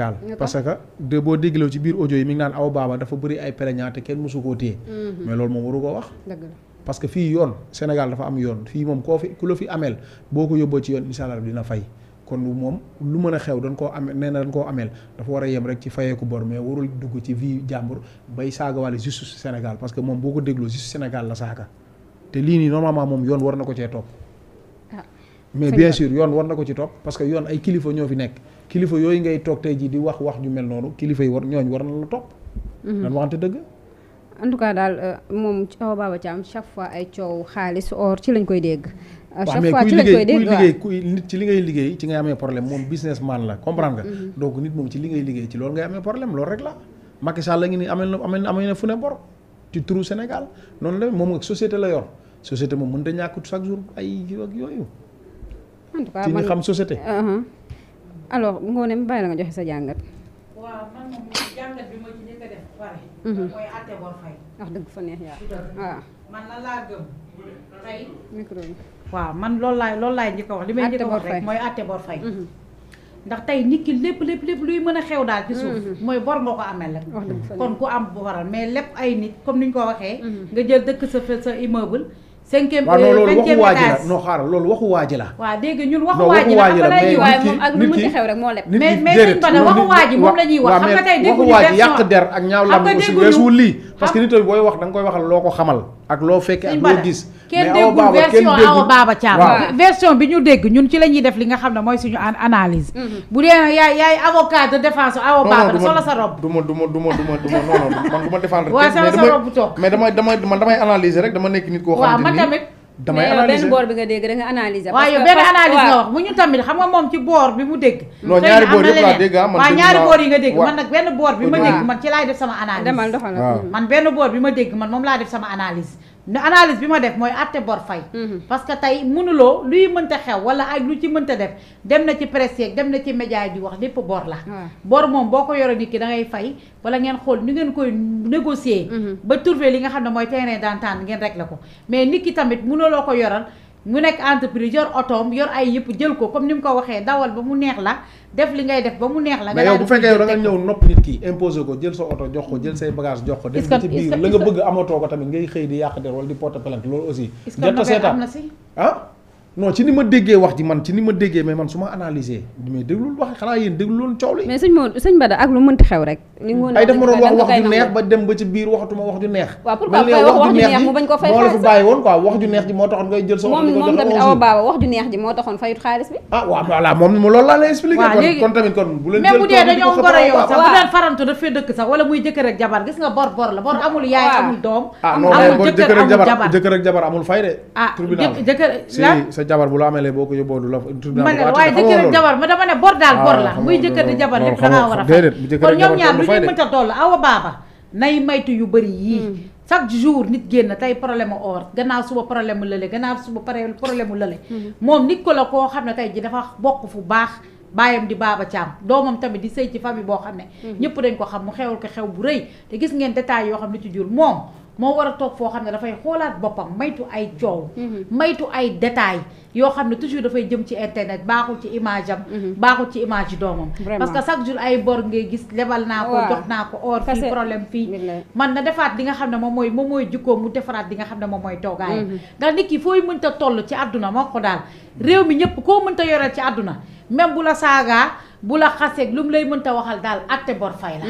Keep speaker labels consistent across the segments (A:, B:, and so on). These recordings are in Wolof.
A: Sénégal parce que de boo dégloo ci biir audio yi mi ngi naan aw baaba dafa bëri ay plaignant te kenn mosu koo téye mhm. mais loolu moom waru koo wax parce que fii yoon Sénégal dafa am yoon fii moom koo fi ku la fi ameel boo ko yóbboo ci yoon incha allah dina fay kon moom lu mën a xew dañ koo ameel nee na dañ koo ameel dafa war a yem rek ci fayeeku bor mais warul dugg ci vie jàmbur bay saagawaale justice Sénégal parce que moom boo ko dégloo justice Sénégal la saaga te moom yoon war na ko cee mais bien sûr yoon war na ko ci topp parce que yoon ay kilifa ñoo fi nekk kilifa yooyu ngay toog tey jii di wax wax ju mel noonu kilifa yi war ñooñu war na la topp. Mhm. nan waxante dëgg.
B: en tout cas daal euh, moom Awa oh, Baba fois ay xaalis or ci lañ koy dégg. Euh, chaque ci lañ koy
A: dégg ci li ngay liggéey ci ngay amee problème la comprendre nga. Mhm. donc nit moom ci li ngay liggéey ci loolu ngay amee problème loolu rek la. Macky Sall la ngi ni amee na fu ne bor ci turu Sénégal noonu la moom ak société la yor société moom mënut a ñàkk chaque jour ay ak yooyu.
B: en tout cas ci ñi xam société. Uh-huh. alors Ngoné mi bàyyi la nga joxe sa jàngat. waaw man moom mooy àtte uh-huh. bor fay. dëgg fa neex yaa waaw. man lan laa loolu laay loolu laay njëkk wax li may njëkk wax rek mooy àtte bor uh-huh. ndax tey nit ki lépp lépp lépp luy mën a xew daal ci suuf mooy bor nga ko amel rek kon ku am bu mais lépp ay nit comme ni ñu ko waxee nga jël dëkk sa sa immeuble cinquième waaw non euh, loolu waxu waaji la
A: non xaaral loolu waxu waaji la
B: waa dégg ñun waxu waaji la moom ak lu mu ci xew rek moo leb mais mais sëñ Bada waxu waaji moom la ñuy wax xam nga tey dégguñu version yàq der ak ñaaw lam aussi
A: lii parce que nit booy wax da nga koy waxal loo ko xamal ak loo fekk ak loo gis. mais awa baaba kenn déggul version awa baaba Thiam
B: version bi ñu dégg ñun ci la ñuy def li nga xam ne mooy suñu analise mm-hmm. bu dee yaay yaay avocat de défense awa baaba. solo sa
A: rob du ma du ma du ma du ma du ma non non man du ma défendre. waaw
B: solo rek dama nekk nit koo xam ne nii damay analyser benn boor bi nga dégg da nga analyser. parce que benn analyse nga wax ñu tamit xam nga moom ci boor bi mu dégg. non ñaari boor yëpp laa ah, yi nga dégg man nag benn boor bi ma dégg man ci laay def sama analyse. demal man benn boor bi ma dégg man moom laa def sama analyse analyse bi ma def mooy àtte bor fay mhm. parce que tey mënuloo luy mënta xew wala ak lu ci mënta def dem na ci presse dem na ci média yi di wax lépp bor la bor moom boo ko yore nit ki da ngay fay wala ngeen xool ni ngeen koy négocier mhm. ba trouver li nga xam ne mooy terrain d'entente ngeen rek la ko mais nit ki tamit mënuloo ko yoral mu nekk entreprise yor otoom yor ay yëpp jël ko comme ni mu ko waxee dawal ba mu neex la def li ngay def ba mu neex la. nga daal bu fekkee yow
A: da nga ñëw nopp nit ki imposé ko jël sa oto jox ko jël say bagage jox ko. def ci biir la nga bëgg amatoo ko tamit ngay xëy di yàq der wala di porte plainte loolu aussi. jot a seetaan am na si ah. non ci ni ma déggee wax ji man ci ni ma déggee mais man su ma analysé mais déglul wax xanaa yéen déglu loolu coow li mais sëñ Maodo sëñ Bada ak lu mënti xew rek
B: li mu moo la fa
A: bàyyi woon quoi wax ju neex ji moo taxoon ngay jël sa moom moom tamit awa
B: baaba wax ju neex ji moo taxoon fayut xaalis bi ah waaw
A: voilà moom kon tamit kon bu leen
B: farantu daf dëkk sax wala muy jëkkër ak jabar gis nga bor bor la bor amul yaay ah. amul doom ah jëkkër ak jabar
A: jëkkër ak jabar amul fay de
B: ah, tribunal
A: jabar bu la amalee boo ko yóbboo du la. ma ne waaye jëkkër
B: jabar ma dama ne bor daal ah, bor la muy jëkkër di jabar lépp da ngaa war a fay kon ñoom ñaar lu ñu mënta toll awa baaba nay maytu yu bëri yii mm. chaque jour nit génn tey problème or gannaaw suba problème lële gannaaw mm-hmm. moom nit ko la koo xam ne tey ji dafa bokk fu baax baayam di baaba caam doomam tamit di sëy ci famille boo xam ne mm-hmm. ñëpp dañ ko xam mu xewal ko xew bu rëy te gis ngeen détails yoo xam ne ci jur moom moo war a toog foo xam ne dafay xoolaat boppam maytu ay joow mhm. maytu ay détails yoo xam ne toujours dafay jëm ci internet baaxul ci image am. Mhm. baaxul ci image doomam. parce que chaque jour ay bor nga gis lebal naa ko. jox naa ko oor fii problème fii. man na defaat di nga xam ne moom mooy moom mooy jikkoom mu defaraat di nga xam ne moom mooy toogaay. Mhm. ndax nit ki fooy mënta toll ci àdduna moo ko daal réew mi ñëpp koo mënta yoreel ci àdduna même bu la saagaa bu la xaseeg lu mu lay mënta waxal daal atte bor fay la.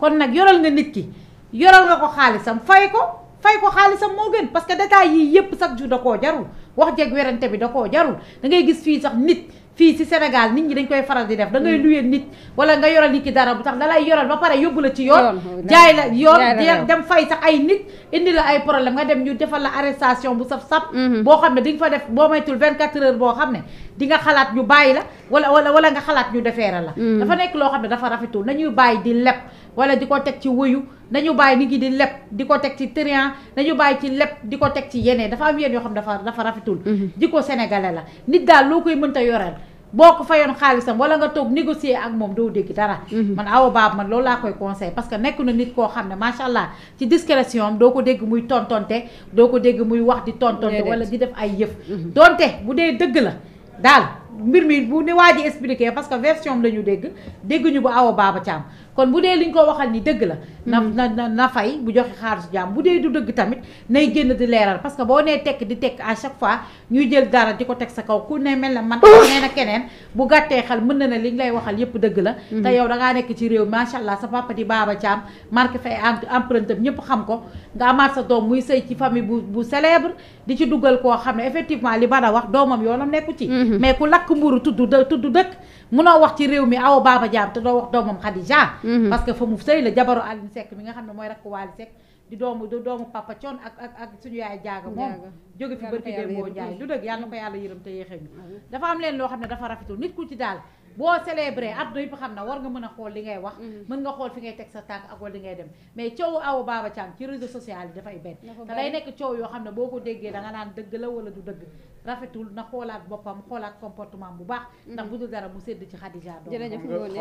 B: kon nag yoral nga nit ki. yoral nga ko xaalisam fay ko fay ko xaalisam moo gën parce que détails yii yëpp sax ju da koo jarul wax jeg werante bi da koo jarul da ngay gis fii sax nit fii ci Sénégal nit ñi dañ koy faral di def da ngay mm. luyee nit wala nga yoral nit ki dara bu tax da lay yoral ba pare yóbbu la ci yoon jaay la yoon dem fay sax ay nit indi la ay problème nga dem ñu defal la arrestation bu saf sap mm-hmm. boo xam ne dinga nga fa def boo maytul 24 heures boo xam ne di nga xalaat ñu bàyyi la wala wala wala nga xalaat ñu defeera la mm. dafa nekk loo xam ne dafa rafetul nañuy bàyyi di leb wala di ko teg ci woyu nañu bàyyi nit ñi di leb di ko teg ci trian nañu bàyyi ci leb di ko teg ci yeneen dafa am yéen yoo xam dafa dafa rafetul mhm. jikko sénégale la nit daal loo koy mënta yoreel boo ko fayoon xaalisam wala nga toog négocier ak moom doo dégg dara mhm. man awa baab man loolu laa koy conseil parce que nekk na nit koo xam ne macha allah ci discrétion am doo ko dégg muy tontonte doo ko dégg muy wax di tontonte walla di def ay yëf mhm. doonte bu dee dëgg la daal mbir mi bu ni waa expliqué parce que version am la ñu dégg dégguñu bu awa baaba caam kon bu dee li ñu ko waxal ni dëgg la. na mm-hmm. na na fay bu joxe xaalisu jaam bu dee du dëgg tamit nay génn di leeral parce que boo nee tekk di tekk à chaque fois ñuy jël dara di ko teg sa kaw ku ne mel na man. nee na keneen bu gàttee xel mën na ne li ñu lay waxal yépp dëgg la. Mm-hmm. te yow da ngaa nekk ci réew macha allah sa papa di baaba caam marqué fay empreinte am ñëpp xam ko nga amaat sa doom muy sëy ci famille bu bu célèbre di ci dugal koo xam ne effectivement li ba wax doomam yoonam nekku ci. Mm-hmm. mais takk mburu tudd dë tudd dëkk munoo wax ci réew mi aw baaba jaam te doo wax doomam Khadija mhm. parce fa mu sëy la jabaru Aline Seck mi nga xam ne mooy rakk Waly Seck di doomu di doomu papa coon ak ak ak suñu yaay jaaga moom jóge fi bërki dee boo njaay du dëgg yàlla ko yàlla yërëm yéexee ñu dafa am leen loo xam ne dafa rafetul nit ku ci daal boo célébré àdduna yëpp xam na war nga mën a xool li ngay wax mm-hmm. mën nga xool fi ngay teg sa tànk ak wala li ngay dem mais coow Awa Baba Thiam ci réseau social yi dafay benn te lay nekk coow yoo xam ne boo ko déggee da naan dëgg la wala du dëgg rafetul na xoolaat boppam xoolaat comportement bu baax mm-hmm. ndax bu dul dara mu sédd ci Khadija doom xam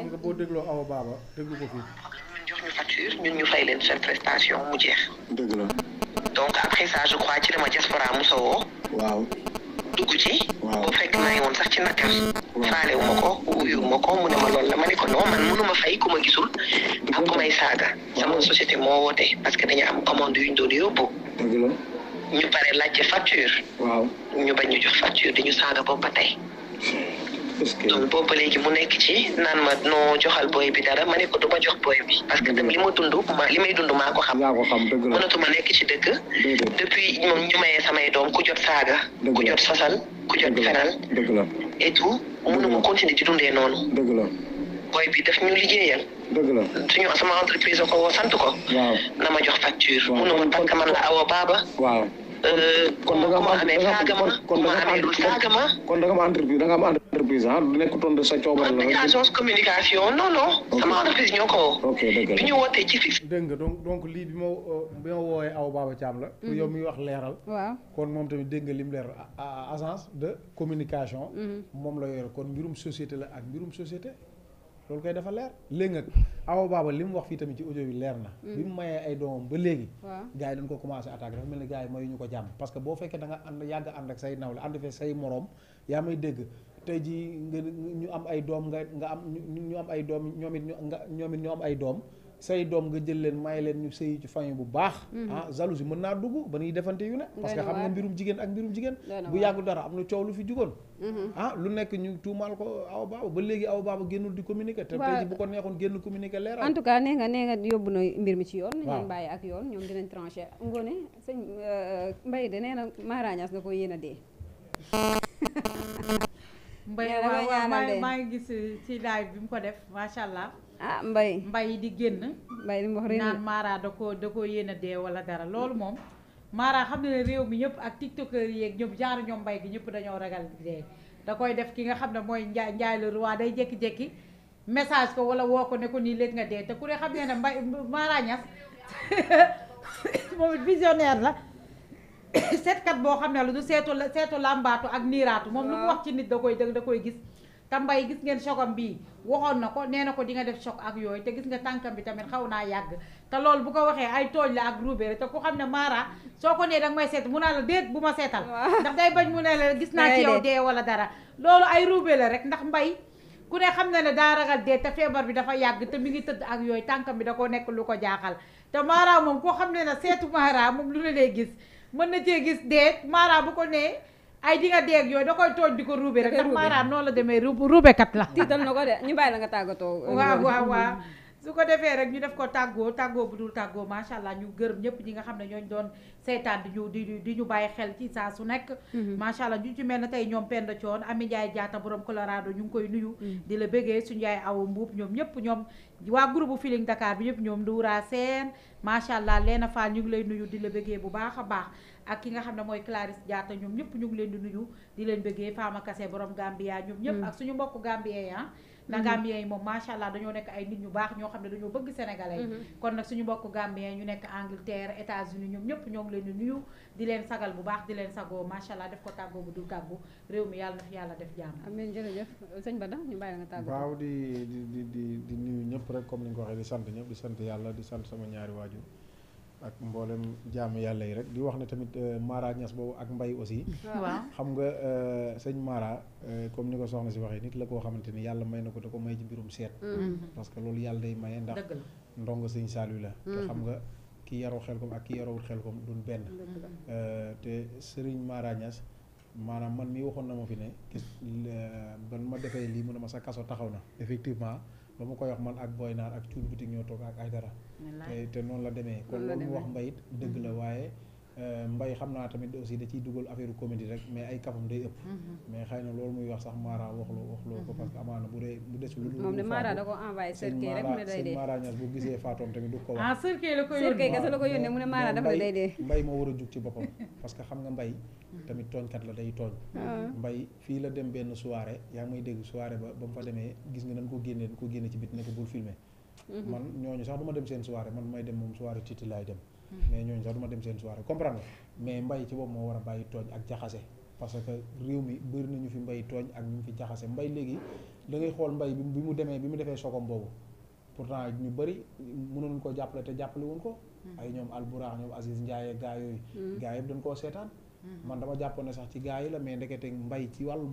B: nga boo dégloo
A: Awa Baba déglu ko fii
B: ñun jox ñu ñu fay leen seen prestation mu jeex dëgg la donc après ça je crois ci dama diaspora mu sowoo waaw dugg ci faale wu ma ko wuyu ma ko mu ne ma loolu
A: la ma ne ko non man ma fay ku gisul ak ku saaga sama société moo woote parce que dañu am commande yu ñu doon yóbbu. ñu pare laajte facture. waaw ñu bañ ñu jox facture dañu saaga boobu ba tey. donc boobu ba léegi mu nekk ci naan ma noo joxal booy bi dara ma ne ko du jox booy bi. parce que tam li ma dund ma li may dund maa ko xam. maa ko xam dëgg la mënatu ma nekk ci dëkk. depuis moom ñu mayee samay doom ku jot saaga. ku jot sosal ku jot fenal. et tout mënu ma continuer di dundee noonu. dëgg la booy bi daf ñu liggéeyal. dëgg la suñu sama entreprise ko woo sant ko. waaw na ma jox facture. waaw mënu ma parce que man la awa baaba. kon da nga am kon da nga am entreprise kon da nga am entreprise da nga am entreprise ah du nekkutoon de sa coobare la. agence communication non non. sama entreprise ñoo ko.
B: ok dëgg la bi ñu wootee
A: ci fixe. dégg nga donc donc lii bi ma bi ma wooyee aw Baba Thiam la. pour yow miy wax leeral. waaw kon moom tamit dégg nga lim leeral agence de communication. Mm-hmm. moom la yor kon mbirum société la ak mbirum société. loolu koy dafa leer léegi nag awa baaba li mu wax fii tamit ci audio bi leer na mm. bi mu mayee ay doomam ba léegi gars yi dañ ko commencé attaqué dafa mel ni gars yi ñu ko jàmm parce que boo fekkee da nga ànd yàgg ànd ak say nawle ànd fee say moroom yaa may dégg tey jii nga ñu am ay doom nga nga am ñu am ay doom ñoom it nga ñoom it ñu am ay doom say doom nga jël leen may leen ñu sëyi ci famille bu baax mhm. ah mën naa dugg ba ñuy defante yu ne parce que xam nga mbirum jigéen ak mbirum jigéen bu yàggu dara am na coow lu fi jugoon mhm. ah lu nekk ñu tuumaal ko aw baaba ba léegi aw baaba génnul di communiquer te tey ji bu ko neexoon
B: génn communiquer leeral en nee nga nee nga yóbbu na mbir mi ci yoon nañ leen bàyyi ak yoon ñoom dinañ tranché ngoone sëñ euh, mbay de nee na maaraañaas nga ko yéen a dee mbay waaw maa ngi gis ci daa bi mu ko def macha allah ah mbay mbay yi di génn. mbay li mu wax rek naan Mara da koo da koo yéene dee wala dara loolu moom. maaraa xam ne réew mi ñëpp ak tiktokeur yeeg ñoom jaar ñoom mbay gi ñëpp dañoo ragal dee da koy def ki nga xam ne mooy njaay njaay le roi day jékki-jékki message ko wala woo ko ne ko nii léegi nga dee te ku ne xam ne ne mbay Mara Niass moom visionnaire la. seetkat boo xam ne la du seetu seetu làmbaatu ak niiraatu moom lu mu wax ci nit da koy da koy gis. te mbay gis ngeen chocam bii waxoon na ko nee na ko di nga def choc ak yooyu te gis nga tànkam bi tamit xaw naa yàgg te lool bu ko waxee ay tooñ la ak ruubee te ku xam ne maaraa soo ko nee danga seet mu naa la bu ma seetal ndax day bañ mu ne la gis naa ci yow dee wala dara loolu ay ruubee rek ndax mbay ku ne xam na ne daa ragal dee te feebar bi dafa yàgg te mi ngi tëdd ak yooyu tànkam bi da ko nekk lu ko jaaxal te maaraa moom koo xam ne na seetu Mara moom lu ne lay gis mën na cee gis dee maaraa bu ko nee ay di nga deeg yooyu da koy tooj di ko ruube rek ndax maanaam noonu la demee ruube ruubekat la tiital na ko de ñu bàyyi la nga tàggatoo waaw waaw waaw su ko defee rek ñu def ko tàggoo tàggoo bu dul tàggoo macha allah ñu gërëm ñëpp ñi nga xam ne ñooñ doon seytaan di ñu di di ñu bàyyi xel ci saa su nekk mm-hmm. macha allah ñu ci mel ne tey ñoom Penda Coon Ami Njaay Jaata borom Colorado ñu ngi koy nuyu mm-hmm. di la bëggee suñu yaay aw mbuub ñoom ñëpp ñoom waa groupe Feeling Dakar bi ñëpp ñoom Ndoura Seen macha allah Leena Fall ñu ngi lay nuyu di la bëggee bu baax a baax ak ki nga xam ne mooy Clarisse Diatta ñoom ñëpp ñu ngi leen di nuyu di leen bëggee Fama Kassé borom Gambia ñoom ñëpp mm. ak suñu mbokk Gambien ah ndax mm. Gambien yi moom macha allah dañoo nekk ay nit ñu baax ñoo xam ne dañoo bëgg sénégalais mm-hmm. kon nag suñu mbokk Gambien ñu nekk Angleterre États-Unis ñoom ñëpp ñoo ngi leen di nuyu di leen sagal bu baax di leen sago macha allah def ko tàggoo bu dul tàggu réew mi yàlla na fi yàlla def jàmm amiin jërëjëf sëñ Bada ñu bàyyi nga tàggu waaw
A: di di di di nuyu ñëpp rek comme ni nga ko waxee di sant ñëpp di sant yàlla di sant ak mboolem jàmm yàlla yi rek di wax ne tamit euh, Mara Niass boobu ak mbay aussi. xam nga euh, sëñ Mara euh, comme ni ko soxna si waxee nit la koo xamante ni yàlla may na ko da ko may ci mbirum seet. Mm-hmm. parce que loolu yàlla day maye ndax. ndongo sëñ Saliou la. te xam mm-hmm. nga ki yaroo xel kom ak ki yaroowul xel kom duñ benn. te Serigne Mara maanaam man mi waxoon na ma fi ne. ban ma defee lii mun ne ma sa kaso taxaw na effectivement. ba ma koy wax man ak Boy Naar ak Cuun Boutique ñoo toog ak dara te te noonu la demee kon loolu mu wax mbayit dëgg la mm-hmm. waaye Euh, mbay xam naa tamit aussi da ciy dugal affaire comédie rek mais ay kafam day ëpp. Mm-hmm. mais xëy na loolu muy wax sax Mara waxloo waxloo ko mm-hmm. parce que amaana bu dee bu desul. lu dul ko envoyé Serkey rek mu ne day dee Mara Niass bu gisee Faatoom tamit ah,
B: mbay
A: moo war a jug ci boppam parce xam nga mbay. Mm-hmm. tamit tooñkat la day tooñ. Ah. mbay fii la dem benn soirée yaa may dégg soirée ba ba mu fa demee gis nga nan ko génnee ko génne ci bit ne ko bul filmer man ñooñu sax du dem seen soirée man may dem moom soirée titi laay dem mais ñooñu sax du dem seen soirée comprendre mais mbay ci boobu moo war a bàyyi tooñ ak jaxase parce que réew mi bëri na ñu fi mbay tooñ ak ñu fi jaxase mbay léegi da ngay xool mbay bi mu demee bi mu defee sogom boobu pourtant ñu bëri mënoon ko jàppale te jàppale wuñ ko. Hmm. ay ñoom Alburax ñoom Aziz Ndiaye gaa yooyu. Hmm. gaa yëpp dañ koo seetaan. Hmm. man dama jàppoon ne sax ci gaa yi la mais ndekete mbay ci wàllu